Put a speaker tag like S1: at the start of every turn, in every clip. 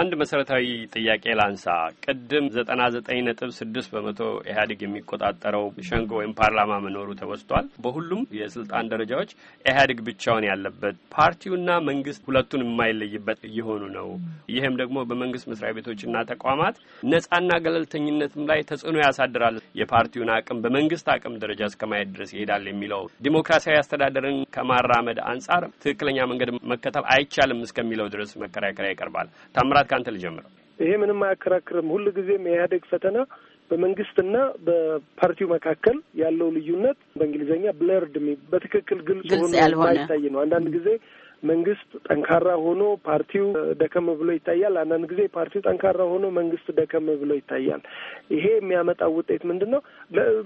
S1: አንድ መሰረታዊ ጥያቄ ላንሳ። ቅድም ዘጠና ዘጠኝ ነጥብ ስድስት በመቶ ኢህአዴግ የሚቆጣጠረው ሸንጎ ወይም ፓርላማ መኖሩ ተወስቷል። በሁሉም የስልጣን ደረጃዎች ኢህአዴግ ብቻውን ያለበት ፓርቲውና መንግስት ሁለቱን የማይለይበት እየሆኑ ነው። ይህም ደግሞ በመንግስት መስሪያ ቤቶችና ተቋማት ነጻና ገለልተኝነትም ላይ ተጽዕኖ ያሳድራል። የፓርቲውን አቅም በመንግስት አቅም ደረጃ እስከ ማየት ድረስ ይሄዳል የሚለው ዲሞክራሲያዊ አስተዳደርን ከማራመድ አንጻር ትክክለኛ መንገድ መከተል አይቻልም እስከሚለው ድረስ መከራከሪያ ይቀርባል። ታምራ ስብሀት ከአንተ ልጀምረው።
S2: ይሄ ምንም አያከራክርም። ሁል ጊዜም የኢህአዴግ ፈተና በመንግስትና በፓርቲው መካከል ያለው ልዩነት በእንግሊዝኛ ብለርድ በትክክል ግልጽ ሆኖ የማይታይ ነው። አንዳንድ ጊዜ መንግስት ጠንካራ ሆኖ ፓርቲው ደከም ብሎ ይታያል። አንዳንድ ጊዜ ፓርቲው ጠንካራ ሆኖ መንግስት ደከም ብሎ ይታያል። ይሄ የሚያመጣው ውጤት ምንድን ነው?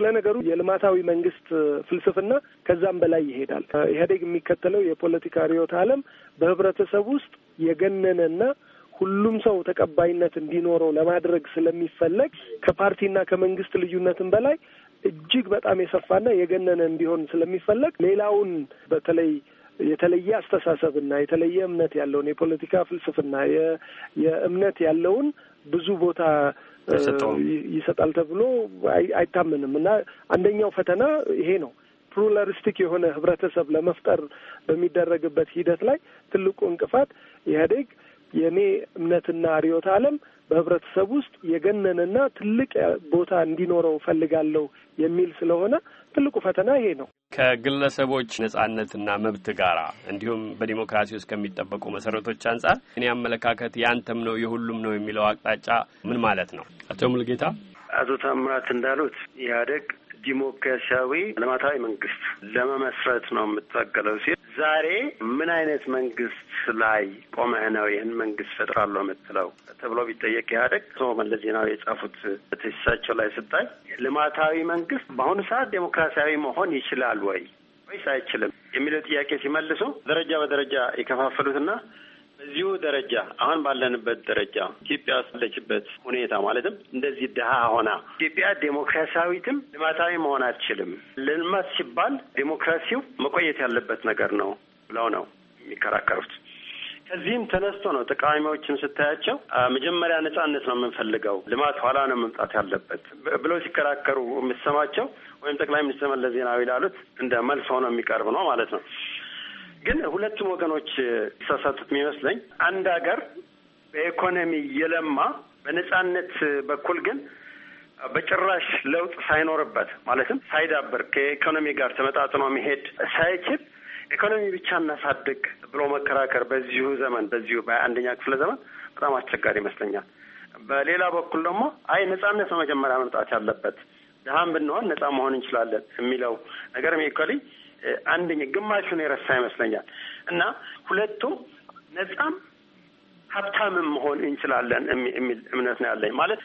S2: ለነገሩ የልማታዊ መንግስት ፍልስፍና ከዛም በላይ ይሄዳል። ኢህአዴግ የሚከተለው የፖለቲካ ርዕዮተ ዓለም በህብረተሰብ ውስጥ የገነነና ሁሉም ሰው ተቀባይነት እንዲኖረው ለማድረግ ስለሚፈለግ ከፓርቲና ከመንግስት ልዩነትን በላይ እጅግ በጣም የሰፋና የገነነ እንዲሆን ስለሚፈለግ ሌላውን በተለይ የተለየ አስተሳሰብና የተለየ እምነት ያለውን የፖለቲካ ፍልስፍና የእምነት ያለውን ብዙ ቦታ ይሰጣል ተብሎ አይታመንም እና አንደኛው ፈተና ይሄ ነው። ፕሉራሊስቲክ የሆነ ህብረተሰብ ለመፍጠር በሚደረግበት ሂደት ላይ ትልቁ እንቅፋት ኢህአዴግ የእኔ እምነትና ሪዮት ዓለም በህብረተሰብ ውስጥ የገነንና ትልቅ ቦታ እንዲኖረው ፈልጋለሁ የሚል ስለሆነ ትልቁ ፈተና ይሄ ነው።
S1: ከግለሰቦች ነጻነትና መብት ጋር እንዲሁም በዲሞክራሲ ውስጥ ከሚጠበቁ መሰረቶች አንጻር እኔ አመለካከት ያንተም ነው የሁሉም ነው የሚለው አቅጣጫ ምን ማለት ነው? አቶ ሙልጌታ።
S3: አቶ ታምራት እንዳሉት ኢህአዴግ ዲሞክራሲያዊ ልማታዊ መንግስት ለመመስረት ነው የምታገለው ሲል ዛሬ ምን አይነት መንግስት ላይ ቆመህ ነው ይህን መንግስት ፈጥራለሁ የምትለው ተብሎ ቢጠየቅ ኢህአዴግ አቶ መለስ ዜናዊ የጻፉት ትሳቸው ላይ ስታይ ልማታዊ መንግስት በአሁኑ ሰዓት ዴሞክራሲያዊ መሆን ይችላል ወይ ወይስ አይችልም የሚለው ጥያቄ ሲመልሱ ደረጃ በደረጃ የከፋፈሉትና በዚሁ ደረጃ አሁን ባለንበት ደረጃ ኢትዮጵያ ያለችበት ሁኔታ ማለትም እንደዚህ ድሀ ሆና ኢትዮጵያ ዴሞክራሲያዊትም ልማታዊ መሆን አትችልም። ልማት ሲባል ዴሞክራሲው መቆየት ያለበት ነገር ነው ብለው ነው የሚከራከሩት። ከዚህም ተነስቶ ነው ተቃዋሚዎችን ስታያቸው መጀመሪያ ነጻነት ነው የምንፈልገው፣ ልማት ኋላ ነው መምጣት ያለበት ብለው ሲከራከሩ የምትሰማቸው ወይም ጠቅላይ ሚኒስትር መለስ ዜናዊ ላሉት እንደ መልስ ሆኖ የሚቀርብ ነው ማለት ነው። ግን ሁለቱም ወገኖች የተሳሳቱት የሚመስለኝ አንድ ሀገር በኢኮኖሚ የለማ በነጻነት በኩል ግን በጭራሽ ለውጥ ሳይኖርበት ማለትም ሳይዳብር ከኢኮኖሚ ጋር ተመጣጥኖ መሄድ ሳይችል ኢኮኖሚ ብቻ እናሳድግ ብሎ መከራከር በዚሁ ዘመን በዚሁ በአንደኛ ክፍለ ዘመን በጣም አስቸጋሪ ይመስለኛል። በሌላ በኩል ደግሞ አይ ነጻነት ነው መጀመሪያ መምጣት ያለበት፣ ድሀም ብንሆን ነጻ መሆን እንችላለን የሚለው ነገር ሚኮሊ አንደኛ ግማሹን የረሳ ይመስለኛል። እና ሁለቱም ነጻም ሀብታምም መሆን እንችላለን የሚል እምነት ነው ያለኝ። ማለት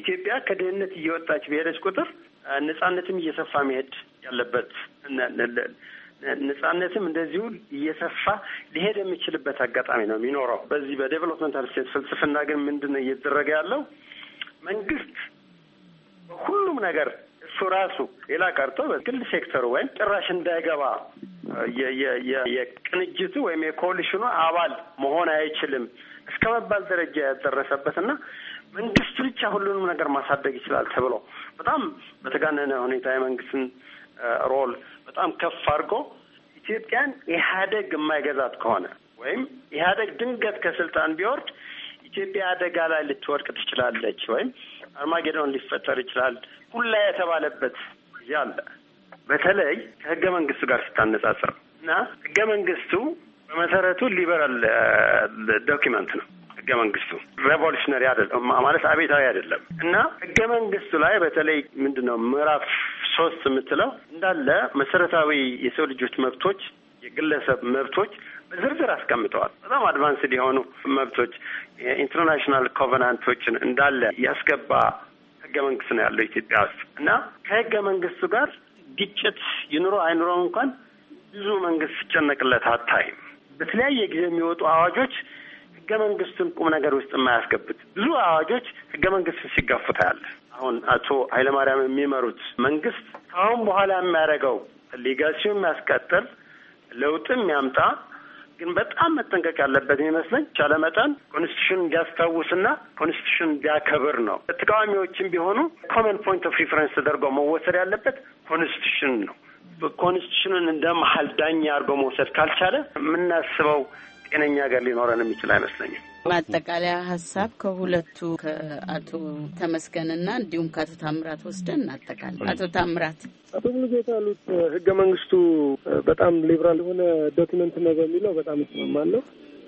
S3: ኢትዮጵያ ከድህነት እየወጣች በሄደች ቁጥር ነጻነትም እየሰፋ መሄድ ያለበት ነጻነትም እንደዚሁ እየሰፋ ሊሄድ የሚችልበት አጋጣሚ ነው የሚኖረው። በዚህ በዴቨሎፕመንታል ስቴት ፍልስፍና ግን ምንድን ነው እየተደረገ ያለው? መንግስት በሁሉም ነገር እሱ ራሱ ሌላ ቀርቶ በግል ሴክተሩ ወይም ጭራሽ እንዳይገባ የቅንጅቱ ወይም የኮሊሽኑ አባል መሆን አይችልም እስከ መባል ደረጃ ያደረሰበት እና መንግስት ብቻ ሁሉንም ነገር ማሳደግ ይችላል ተብሎ በጣም በተጋነነ ሁኔታ የመንግስትን ሮል በጣም ከፍ አድርጎ ኢትዮጵያን ኢህአደግ የማይገዛት ከሆነ ወይም ኢህአደግ ድንገት ከስልጣን ቢወርድ ኢትዮጵያ አደጋ ላይ ልትወድቅ ትችላለች ወይም አርማጌዶን ሊፈጠር ይችላል ሁላ የተባለበት ጊዜ አለ። በተለይ ከህገ መንግስቱ ጋር ስታነጻጽር እና ህገ መንግስቱ በመሰረቱ ሊበራል ዶኪመንት ነው። ህገ መንግስቱ ሬቮሉሽነሪ አይደለም ማለት አቤታዊ አይደለም እና ህገ መንግስቱ ላይ በተለይ ምንድን ነው ምዕራፍ ሶስት የምትለው እንዳለ መሰረታዊ የሰው ልጆች መብቶች፣ የግለሰብ መብቶች ዝርዝር አስቀምጠዋል። በጣም አድቫንስድ የሆኑ መብቶች የኢንተርናሽናል ኮቨናንቶችን እንዳለ ያስገባ ህገ መንግስት ነው ያለው ኢትዮጵያ ውስጥ እና ከህገ መንግስቱ ጋር ግጭት ይኑሮ አይኑሮም እንኳን ብዙ መንግስት ሲጨነቅለት አታይም። በተለያየ ጊዜ የሚወጡ አዋጆች ህገ መንግስቱን ቁም ነገር ውስጥ የማያስገቡት ብዙ አዋጆች ህገ መንግስቱን ሲጋፉ ታያለህ። አሁን አቶ ኃይለማርያም የሚመሩት መንግስት ከአሁን በኋላ የሚያደርገው ሊጋሲው የሚያስቀጥል ለውጥ የሚያምጣ ግን በጣም መጠንቀቅ ያለበት ይመስለኝ ቻለ መጠን ኮንስቲቱሽን እንዲያስታውስና ኮንስቲቱሽን እንዲያከብር ነው። ተቃዋሚዎችም ቢሆኑ ኮመን ፖይንት ኦፍ ሪፈረንስ ተደርጎ መወሰድ ያለበት ኮንስቲቱሽን ነው። ኮንስቲቱሽንን እንደ መሀል ዳኛ አድርገው መውሰድ ካልቻለ የምናስበው ጤነኛ ሀገር ሊኖረን የሚችል አይመስለኝም።
S1: ማጠቃለያ
S3: ሀሳብ ከሁለቱ ከአቶ ተመስገንና እንዲሁም ከአቶ ታምራት ወስደን እናጠቃለን። አቶ ታምራት
S2: አቶ ሙሉጌታ ያሉት ህገ መንግስቱ በጣም ሊብራል የሆነ ዶክመንት ነው በሚለው በጣም እስማማለሁ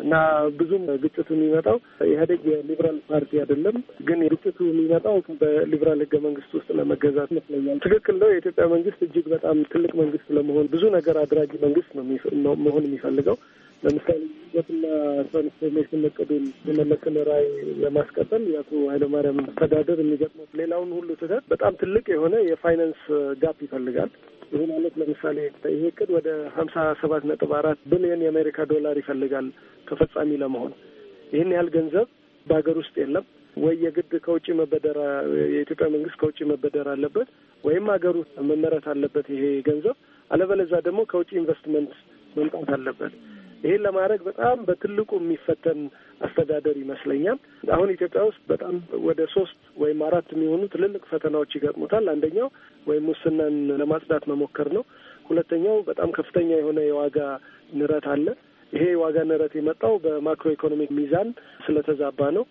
S2: እና ብዙም ግጭቱ የሚመጣው ኢህአዴግ የሊብራል ፓርቲ አይደለም፣ ግን ግጭቱ የሚመጣው በሊብራል ህገ መንግስት ውስጥ ለመገዛት ይመስለኛል። ትክክል ነው። የኢትዮጵያ መንግስት እጅግ በጣም ትልቅ መንግስት ለመሆን ብዙ ነገር አድራጊ መንግስት ነው መሆን የሚፈልገው ለምሳሌ ትና ትራንስፎርሜሽን እቅዱን የመለስን ራዕይ ለማስቀጠል የአቶ ኃይለማርያም አስተዳደር የሚገጥመው ሌላውን ሁሉ ስህተት በጣም ትልቅ የሆነ የፋይናንስ ጋፕ ይፈልጋል። ይህ ማለት ለምሳሌ ይሄ እቅድ ወደ ሀምሳ ሰባት ነጥብ አራት ቢሊዮን የአሜሪካ ዶላር ይፈልጋል ተፈጻሚ ለመሆን። ይህን ያህል ገንዘብ በሀገር ውስጥ የለም ወይ የግድ ከውጭ መበደር የኢትዮጵያ መንግስት ከውጭ መበደር አለበት ወይም ሀገር ውስጥ መመረት አለበት ይሄ ገንዘብ አለበለዛ ደግሞ ከውጭ ኢንቨስትመንት መምጣት አለበት። ይህን ለማድረግ በጣም በትልቁ የሚፈተን አስተዳደር ይመስለኛል። አሁን ኢትዮጵያ ውስጥ በጣም ወደ ሶስት ወይም አራት የሚሆኑ ትልልቅ ፈተናዎች ይገጥሙታል። አንደኛው ወይም ሙስናን ለማጽዳት መሞከር ነው። ሁለተኛው በጣም ከፍተኛ የሆነ የዋጋ ንረት አለ። ይሄ የዋጋ ንረት የመጣው በማክሮ ኢኮኖሚክ ሚዛን ስለተዛባ ነው።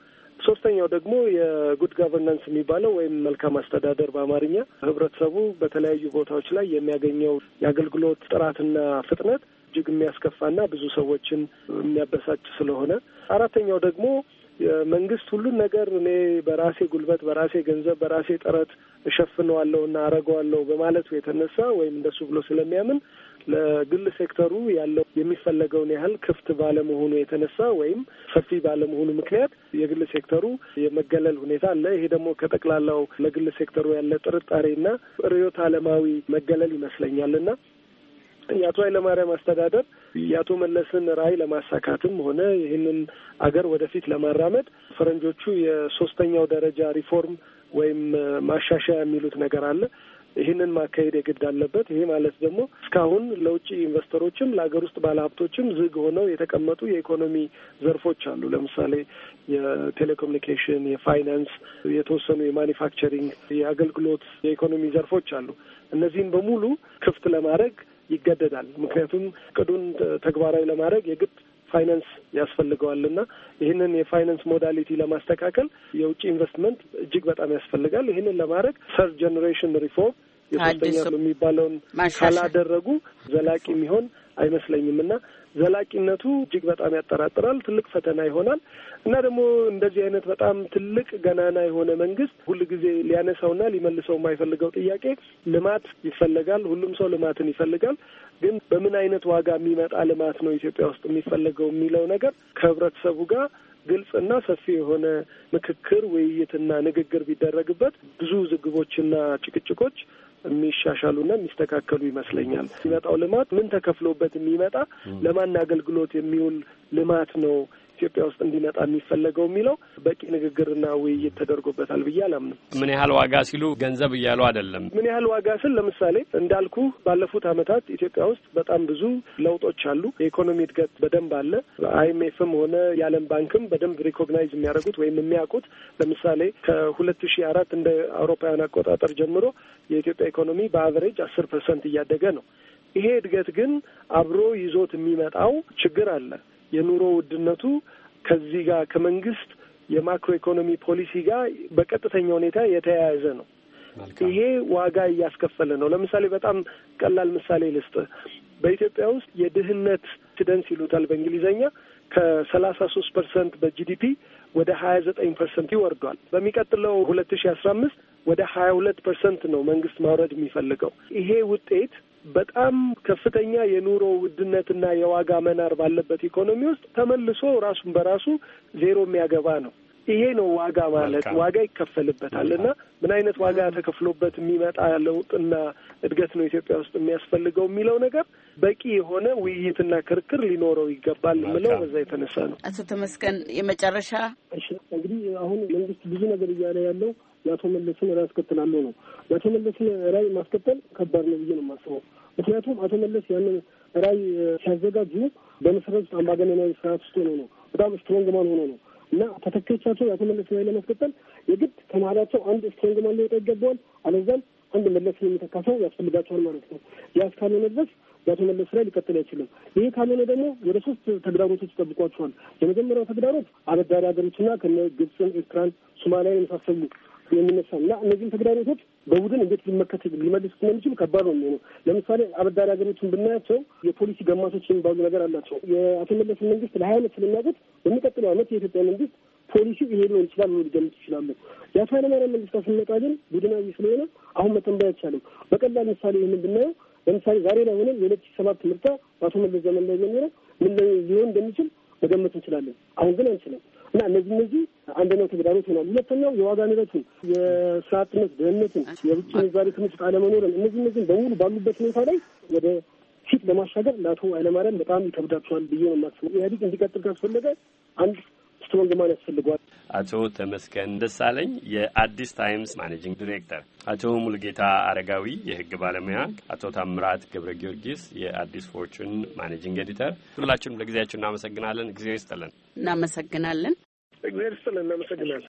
S2: ሶስተኛው ደግሞ የጉድ ጋቨርናንስ የሚባለው ወይም መልካም አስተዳደር በአማርኛ ህብረተሰቡ በተለያዩ ቦታዎች ላይ የሚያገኘው የአገልግሎት ጥራትና ፍጥነት እጅግ የሚያስከፋና ብዙ ሰዎችን የሚያበሳጭ ስለሆነ፣ አራተኛው ደግሞ መንግስት ሁሉን ነገር እኔ በራሴ ጉልበት፣ በራሴ ገንዘብ፣ በራሴ ጥረት እሸፍነዋለሁና አረገዋለሁ በማለቱ የተነሳ ወይም እንደሱ ብሎ ስለሚያምን ለግል ሴክተሩ ያለው የሚፈለገውን ያህል ክፍት ባለመሆኑ የተነሳ ወይም ሰፊ ባለመሆኑ ምክንያት የግል ሴክተሩ የመገለል ሁኔታ አለ። ይሄ ደግሞ ከጠቅላላው ለግል ሴክተሩ ያለ ጥርጣሬና ርዕዮተ ዓለማዊ መገለል ይመስለኛል እና የአቶ ኃይለማርያም አስተዳደር የአቶ መለስን ራዕይ ለማሳካትም ሆነ ይህንን አገር ወደፊት ለማራመድ ፈረንጆቹ የሶስተኛው ደረጃ ሪፎርም ወይም ማሻሻያ የሚሉት ነገር አለ። ይህንን ማካሄድ የግድ አለበት። ይሄ ማለት ደግሞ እስካሁን ለውጭ ኢንቨስተሮችም ለሀገር ውስጥ ባለሀብቶችም ዝግ ሆነው የተቀመጡ የኢኮኖሚ ዘርፎች አሉ። ለምሳሌ የቴሌኮሙኒኬሽን፣ የፋይናንስ፣ የተወሰኑ የማኒፋክቸሪንግ፣ የአገልግሎት የኢኮኖሚ ዘርፎች አሉ። እነዚህን በሙሉ ክፍት ለማድረግ ይገደዳል። ምክንያቱም እቅዱን ተግባራዊ ለማድረግ የግድ ፋይናንስ ያስፈልገዋልና ይህንን የፋይናንስ ሞዳሊቲ ለማስተካከል የውጭ ኢንቨስትመንት እጅግ በጣም ያስፈልጋል። ይህንን ለማድረግ ሰርድ ጀኔሬሽን ሪፎርም የሶስተኛ የሚባለውን ካላደረጉ ዘላቂ የሚሆን አይመስለኝም እና ዘላቂነቱ እጅግ በጣም ያጠራጥራል። ትልቅ ፈተና ይሆናል እና ደግሞ እንደዚህ አይነት በጣም ትልቅ ገናና የሆነ መንግስት ሁል ጊዜ ሊያነሳውና ሊመልሰው የማይፈልገው ጥያቄ ልማት ይፈለጋል። ሁሉም ሰው ልማትን ይፈልጋል። ግን በምን አይነት ዋጋ የሚመጣ ልማት ነው ኢትዮጵያ ውስጥ የሚፈለገው የሚለው ነገር ከህብረተሰቡ ጋር ግልጽና ሰፊ የሆነ ምክክር ውይይትና ንግግር ቢደረግበት ብዙ ዝግቦችና ጭቅጭቆች የሚሻሻሉና የሚስተካከሉ ይመስለኛል። የሚመጣው ልማት ምን ተከፍሎበት የሚመጣ ለማን አገልግሎት የሚውል ልማት ነው ኢትዮጵያ ውስጥ እንዲመጣ የሚፈለገው የሚለው በቂ ንግግርና ውይይት ተደርጎበታል ብዬ አላምንም።
S1: ምን ያህል ዋጋ ሲሉ ገንዘብ እያሉ አይደለም።
S2: ምን ያህል ዋጋ ስል ለምሳሌ እንዳልኩ ባለፉት ዓመታት ኢትዮጵያ ውስጥ በጣም ብዙ ለውጦች አሉ። የኢኮኖሚ እድገት በደንብ አለ። አይኤምኤፍም ሆነ የዓለም ባንክም በደንብ ሪኮግናይዝ የሚያደርጉት ወይም የሚያውቁት ለምሳሌ ከሁለት ሺ አራት እንደ አውሮፓውያን አቆጣጠር ጀምሮ የኢትዮጵያ ኢኮኖሚ በአቨሬጅ አስር ፐርሰንት እያደገ ነው። ይሄ እድገት ግን አብሮ ይዞት የሚመጣው ችግር አለ። የኑሮ ውድነቱ ከዚህ ጋር ከመንግስት የማክሮ ኢኮኖሚ ፖሊሲ ጋር በቀጥተኛ ሁኔታ የተያያዘ ነው። ይሄ ዋጋ እያስከፈለ ነው። ለምሳሌ በጣም ቀላል ምሳሌ ልስጥ። በኢትዮጵያ ውስጥ የድህነት ኢንሲደንስ ይሉታል በእንግሊዝኛ ከሰላሳ ሶስት ፐርሰንት በጂዲፒ ወደ ሀያ ዘጠኝ ፐርሰንት ይወርዷል። በሚቀጥለው ሁለት ሺ አስራ አምስት ወደ ሀያ ሁለት ፐርሰንት ነው መንግስት ማውረድ የሚፈልገው። ይሄ ውጤት በጣም ከፍተኛ የኑሮ ውድነትና የዋጋ መናር ባለበት ኢኮኖሚ ውስጥ ተመልሶ ራሱን በራሱ ዜሮ የሚያገባ ነው። ይሄ ነው ዋጋ ማለት። ዋጋ ይከፈልበታል እና ምን አይነት ዋጋ ተከፍሎበት የሚመጣ ለውጥና እድገት ነው ኢትዮጵያ ውስጥ የሚያስፈልገው የሚለው ነገር በቂ የሆነ ውይይትና ክርክር ሊኖረው ይገባል የምለው በዛ የተነሳ ነው።
S4: አቶ ተመስገን የመጨረሻ እንግዲህ አሁን መንግስት ብዙ ነገር እያለ ያለው የአቶ መለስን ራዕይ አስከትላለሁ ነው። የአቶ መለስን ራይ ማስከተል ከባድ ነው ብዬ ነው የማስበው። ምክንያቱም አቶ መለስ ያንን ራይ ሲያዘጋጁ በመሰረት ውስጥ አምባገነናዊ ስርዓት ውስጥ ሆኖ ነው፣ በጣም ስትሮንግ ማን ሆኖ ነው እና ተተኪዎቻቸው የአቶ መለስ ራይ ለማስከተል የግድ ከመሀላቸው አንድ ስትሮንግ ማን ሊወጣ ይገባዋል። አለዛም አንድ መለስን የሚተካ ሰው ያስፈልጋቸዋል ማለት ነው። ያ እስካልሆነ ድረስ የአቶ መለስ ራዕይ ሊቀጥል አይችልም። ይህ ካልሆነ ደግሞ ወደ ሶስት ተግዳሮቶች ይጠብቋቸዋል። የመጀመሪያው ተግዳሮት አበዳሪ ሀገሮችና ከነ ግብፅን፣ ኤርትራን፣ ሶማሊያን የመሳሰሉ የሚነሳው እና እነዚህም ተግዳሮቶች በቡድን እንዴት ሊመከት ሊመልስ እንደሚችሉ ከባድ ነው የሚሆነው። ለምሳሌ አበዳሪ ሀገሮችን ብናያቸው የፖሊሲ ገማቾች የሚባሉ ነገር አላቸው። የአቶ መለስን መንግስት ለሀያ አመት ስለሚያውቁት በሚቀጥለው አመት የኢትዮጵያ መንግስት ፖሊሲ ይሄ ሊሆን ይችላል ብሎ ሊገምት ይችላሉ። የአቶ ኃይለማርያም መንግስት ስንመጣ ግን ቡድናዊ ስለሆነ አሁን መተንበይ አይቻልም። በቀላል ምሳሌ ይህንን ብናየው ለምሳሌ ዛሬ ላይ ሆነን የሁለት ሺህ ሰባት ምርጫ በአቶ መለስ ዘመን ላይ ጀምረ ምን ሊሆን እንደሚችል መገመት እንችላለን። አሁን ግን አንችልም እና እነዚህ እነዚህ አንደኛው ተግዳሮት ይሆናል። ሁለተኛው የዋጋ ንረትን፣ የስራ አጥነት፣ ድህነትን፣ የውጭ ምንዛሬ ክምችት አለመኖርን እነዚህ እነዚህም በሙሉ ባሉበት ሁኔታ ላይ ወደ ፊት ለማሻገር ለአቶ ኃይለማርያም በጣም ይከብዳቸዋል ብዬ ነው የማስበው። ኢህአዴግ እንዲቀጥል ካስፈለገ አንድ ስትሮንግ ማን ያስፈልገዋል።
S1: አቶ ተመስገን ደሳለኝ የአዲስ ታይምስ ማኔጂንግ ዲሬክተር፣ አቶ ሙልጌታ አረጋዊ የህግ ባለሙያ፣ አቶ ታምራት ገብረ ጊዮርጊስ የአዲስ ፎርቹን ማኔጂንግ ኤዲተር፣ ሁላችሁንም ለጊዜያችሁ እናመሰግናለን። ጊዜው ይስጥልን።
S4: እናመሰግናለን። እግዚአብሔር ይስጥልን። እናመሰግናለን።